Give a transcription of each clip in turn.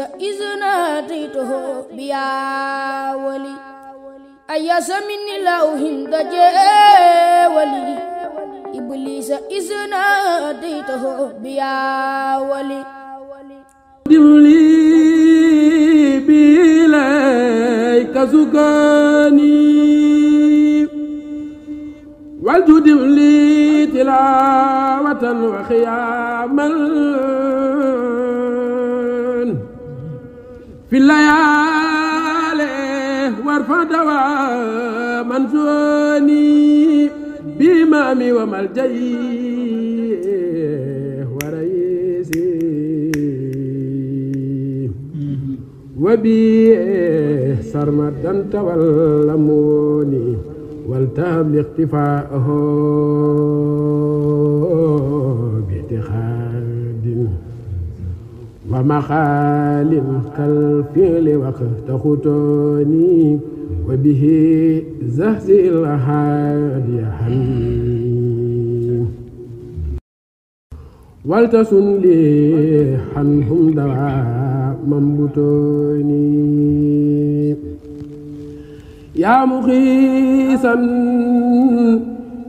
إذ ناديته بيا ولي أيا سمن لو هند ولي إبليس إذ ناديته بيا ولي دولي بإليك زكاني والجد لي تلاوة وخياما في الليالي وارفع دواما زوني بإمامي وملجئي ورئيسي وبي سرمدا تولموني والتهم لاختفائه wa maxaalin kal fiili wax wa bihi zahzi lhaadiya hanni waltasun li hanhum dawa mambutooni yaa muxiisan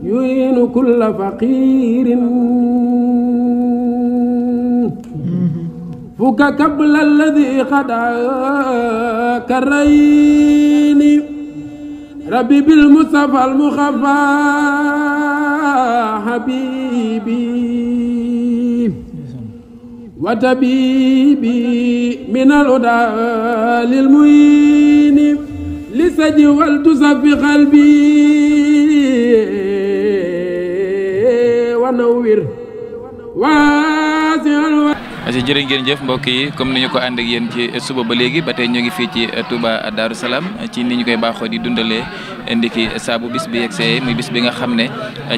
yuriinu kulla فك كبل الذي قد كريني ربي بالمصطفى المخفى حبيبي وتبيبي من الهدى للمين لسجي والتصفي قلبي ونور ونور ayca jërë ngeen jëf mbokk yi comme ni ñu ko ànd ak ci suba ba léegi ba tey ñu ngi fi ci Touba Darou Salaam ci ni ñu koy baaxoo di dundalee ndiki saabu bis bi yegsee muy bis bi nga xam ne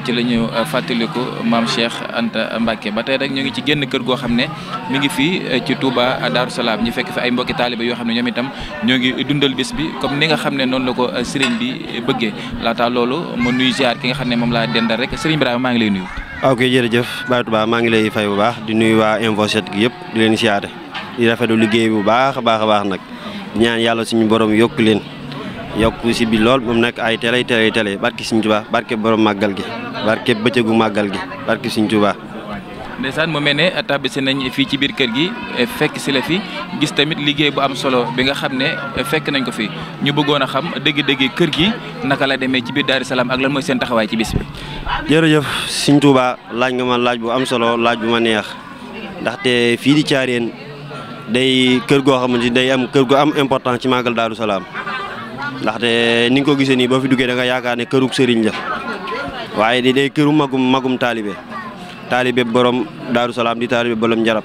ci la ñu fàttaliku maam Cheikh Anta Mbacke ba tey rek ñoo ngi ci génn kër goo xam ne mu ngi fi ci Touba Darou Salaam ñu fekk fi ay mbokki taaliba yoo xam ne ñoom itam ñoo ngi dundal bis bi comme ni nga xam ne noonu la ko sëriñ bi bëggee laata loolu ma nuy ziar ki nga xam ne moom laa dendal rek sëriñ Ibrahima maa ngi lay nuyu. ok jërëjëf Baye Touba maa ngi lay fay bu baax di nuyu waa Info gi yëpp di leen siyaare di rafetlu liggéey bu baax a baax a baax nag ñaan yàlla suñu borom yokk leen yokk si bi lool moom nag ay télé télé télé barke Sëñ Touba barke borom màggal gi barke bëccëgu màggal gi barke Sëñ Touba ndeysaan mu mel ne tàbbisi nañ fii ci biir kër gi fekk si la fi gis tamit liggéey bu am solo bi nga xam ne fekk nañ ko fi ñu bëggoon a xam dëgg-dëgg kër gi naka la demee ci biir Daaru Salaam ak lan mooy seen taxawaay ci bis jërëjëf Sëñ Tuuba laaj nga ma laaj bu am solo laaj bu ma neex ndaxte fii di Caareen day kër goo xamante si day am kër gu am important ci màggal Daaru Salaam ndaxte ni nga ko gisee nii boo fi duggee da nga yaakaar ne kërug sëriñ la waaye di day këru magum magum taalibe taalibe borom Daaru Salaam di taalibe boroom Njarab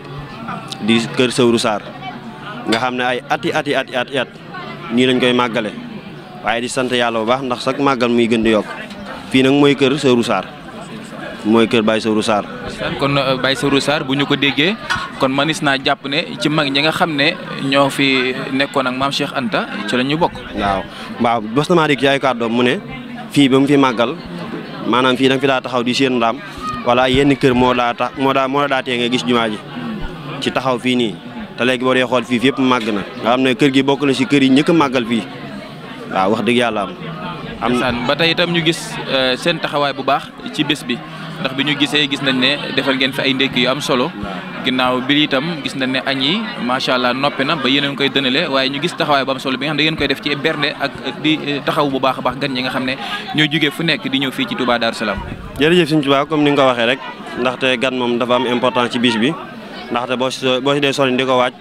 di kër Sëwru Saar nga xam ne ay ati ati ati ati at nii lañ koy màggale waaye di sant yàlla bu baax ndax sax màggal muy gën di yokk fii nag mooy kër Sëwru Saar mooy kër Baye Sëwru Saar. kon euh, Baye Saar bu ñu ko déggee kon manis naa jàpp ne ci mag ñi nga xam ne ñoo fi nekkoon ak maam Cheikh Anta ci la ñu bokk. waaw waaw bés na maa dégg ci ay kàddoom mu ne fii ba mu fi màggal maanaam fii da nga fi daa taxaw di seen ndaam voilà yenn kër moo daa tax moo daa moo daa tee nga gis jumaa ci taxaw fii nii te léegi boo dee xool fii yëpp màgg na nga xam ne kër gi bokk na si kër yi ñëkk a màggal fii waaw wax dëgg yàlla am. am ba tey itam ñu gis euh, seen taxawaay bu baax ci bés bi. ndax bi ñu gisee gis nañ ne defal ngeen fi ay ndékki yu am solo ginnaaw bi itam gis nañ ne añ yi macha allah noppi na ba yeneen koy dënale waaye ñu gis taxawaay ba am solo bi nga xam ne ngeen koy def ci bernde eh, taxaw bu baax a baax gan ñi nga xam ne ñoo jógee fu nekk di ñëw fii ci Touba Darou Salam jërëjëf Sëñ Touba comme ni nga ko waxee rek ndaxte gan moom dafa am important ci bis bi ndaxte boo boo si dee ni di ko waaj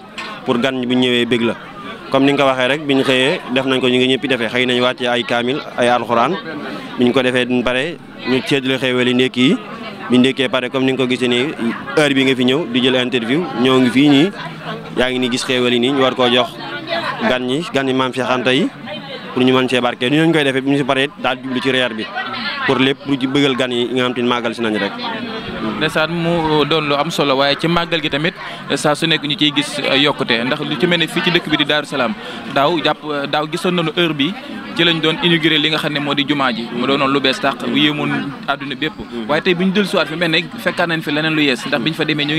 pour gan bu ñëwee bég la comme ni nga ko waxee rek biñ xëyee def nañ ko ñu ngi ñëppi defee xëy nañ wàcce ay kaamil ay alxuraan biñ ko defee duñ pare ñu ceedule xewel yi ndékki yi biñ ndékkee pare comme ni nga ko gisee nii heure bi nga fi ñëw di jël interview ñoo ngi fii ñii yaa ngi ni gis xewel yi nii ñu war koo jox gan ñi gan ñi maam Cheikh Anta yi pour ñu mën cee barke ni ñu koy defee bi ñu si paree daal jublu ci reer bi pour lépp lu ji bëggal gan yi nga xam màggal si nañ rek. ndeysaan mu doon lu am solo waaye ci màggal gi tamit saa su nekk ñu ciy gis yokkute ndax lu ci mel ne fii ci dëkk bi di Daaru Salaam daaw jàpp daaw gisoon na nañu heure bi ci lañ doon inauguré li nga xam ne moo di jumaa ji mu doonoon lu bees tàq bu yéemoon àdduna bépp waaye tey bu dël suwaat fi mel ne fekkaat nañ fi leneen lu yees ndax biñ fa demee ñoo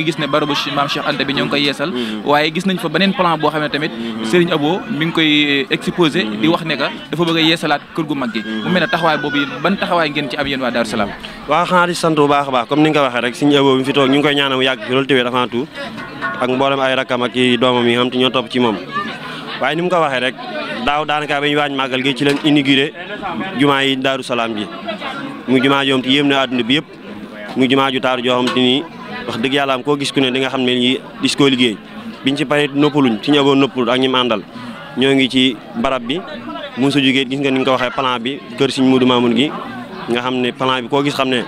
koy yeesal mm-hmm. waaye gis nañ fa beneen plan boo xam ne tamit mm-hmm. Serigne Abo mi ngi koy eh, exposé mm-hmm. di wax ne ka bëgg a yeesalaat kër gu mag gi mu mel ne taxawaay boobu ban taxawaay ngeen ci am yéen waa Daaru Salaam xanaa di sant bu baax baax comme ni nga waxee rek Serigne Abo bi daaw daanaka ba ñu waaj màggal gi ci lañ inauguré jumaa yi daaru salaam ji mu jumaa joom te yéem na àdduna bi yëpp mu jumaa ju taaru joo xam te wax dëgg yàlla am koo gis ku ne di nga xam ne ñi dis koo liggéey biñ ci paree noppaluñ ci ñëwoon noppaluñ ak ñi mu àndal ñoo ngi ci barab bi mun sa jógee gis nga ni nga ko waxee plan bi kër si Sëriñ Mudu Maamun gi nga xam ne plan bi koo gis xam ne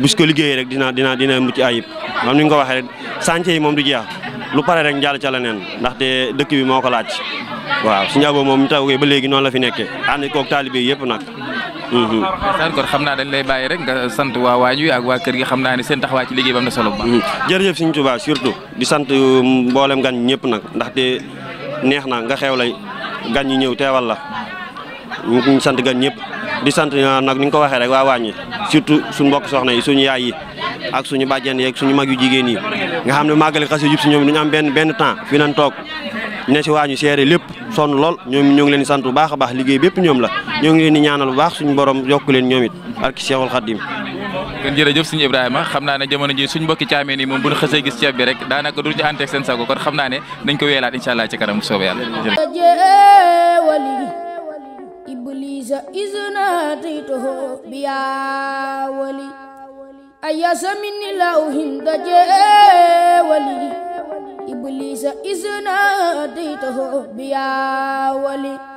bis ko liggéeyee rek dina dina dina mucc ayib moom ni nga ko waxee rek chantier yi moom du jeex lu pare rek njàll ca leneen ndaxte dëkk bi moo ko laaj waaw su njaaboo moom ñu tawee ba léegi noonu la fi nekkee ànd koog taalibe yëpp nag. Mhm. sëñ kon xam naa dañ lay bàyyi rek nga sant waa waañu ak waa kër gi xam naa ne seen taxawaay ci liggéey ba am na solo bu baax. Mhm. jërëjëf Sëñ Tuubaa surtout di sant mboolem gan ñëpp nag ndaxte neex na nga xew lay gan ñi ñëw teewal la ñu sant gan ñëpp di sant nag ni nga ko waxee rek waa waañu surtout su mbokk soxna yi suñu yaay yi ak suñu bàjjen yi ak suñu mag yu jigéen yi nga xam ne màggali xasida jub si ñoom duñu am benn benn temps fi ne si waañu seere lépp sonn lool ñoom ñoo ngi leen baax a baax liggéey bépp ñoom la ñoo ngi leen di ñaanal bu baax suñu borom yokk leen ñoom it ak Seexul Xaddim kon jërëjëf suñu Ibrahima xam naa ne jamono ji suñu mbokki caameen yi moom bu ñu xësee gis ceeb bi rek daanaka du ñu ànteeg sago kon xam naa ne dañ ko weelaat incha allah ci kanam soobee أياس من الله دجى ولي إبليس إذ ناديته بيا ولي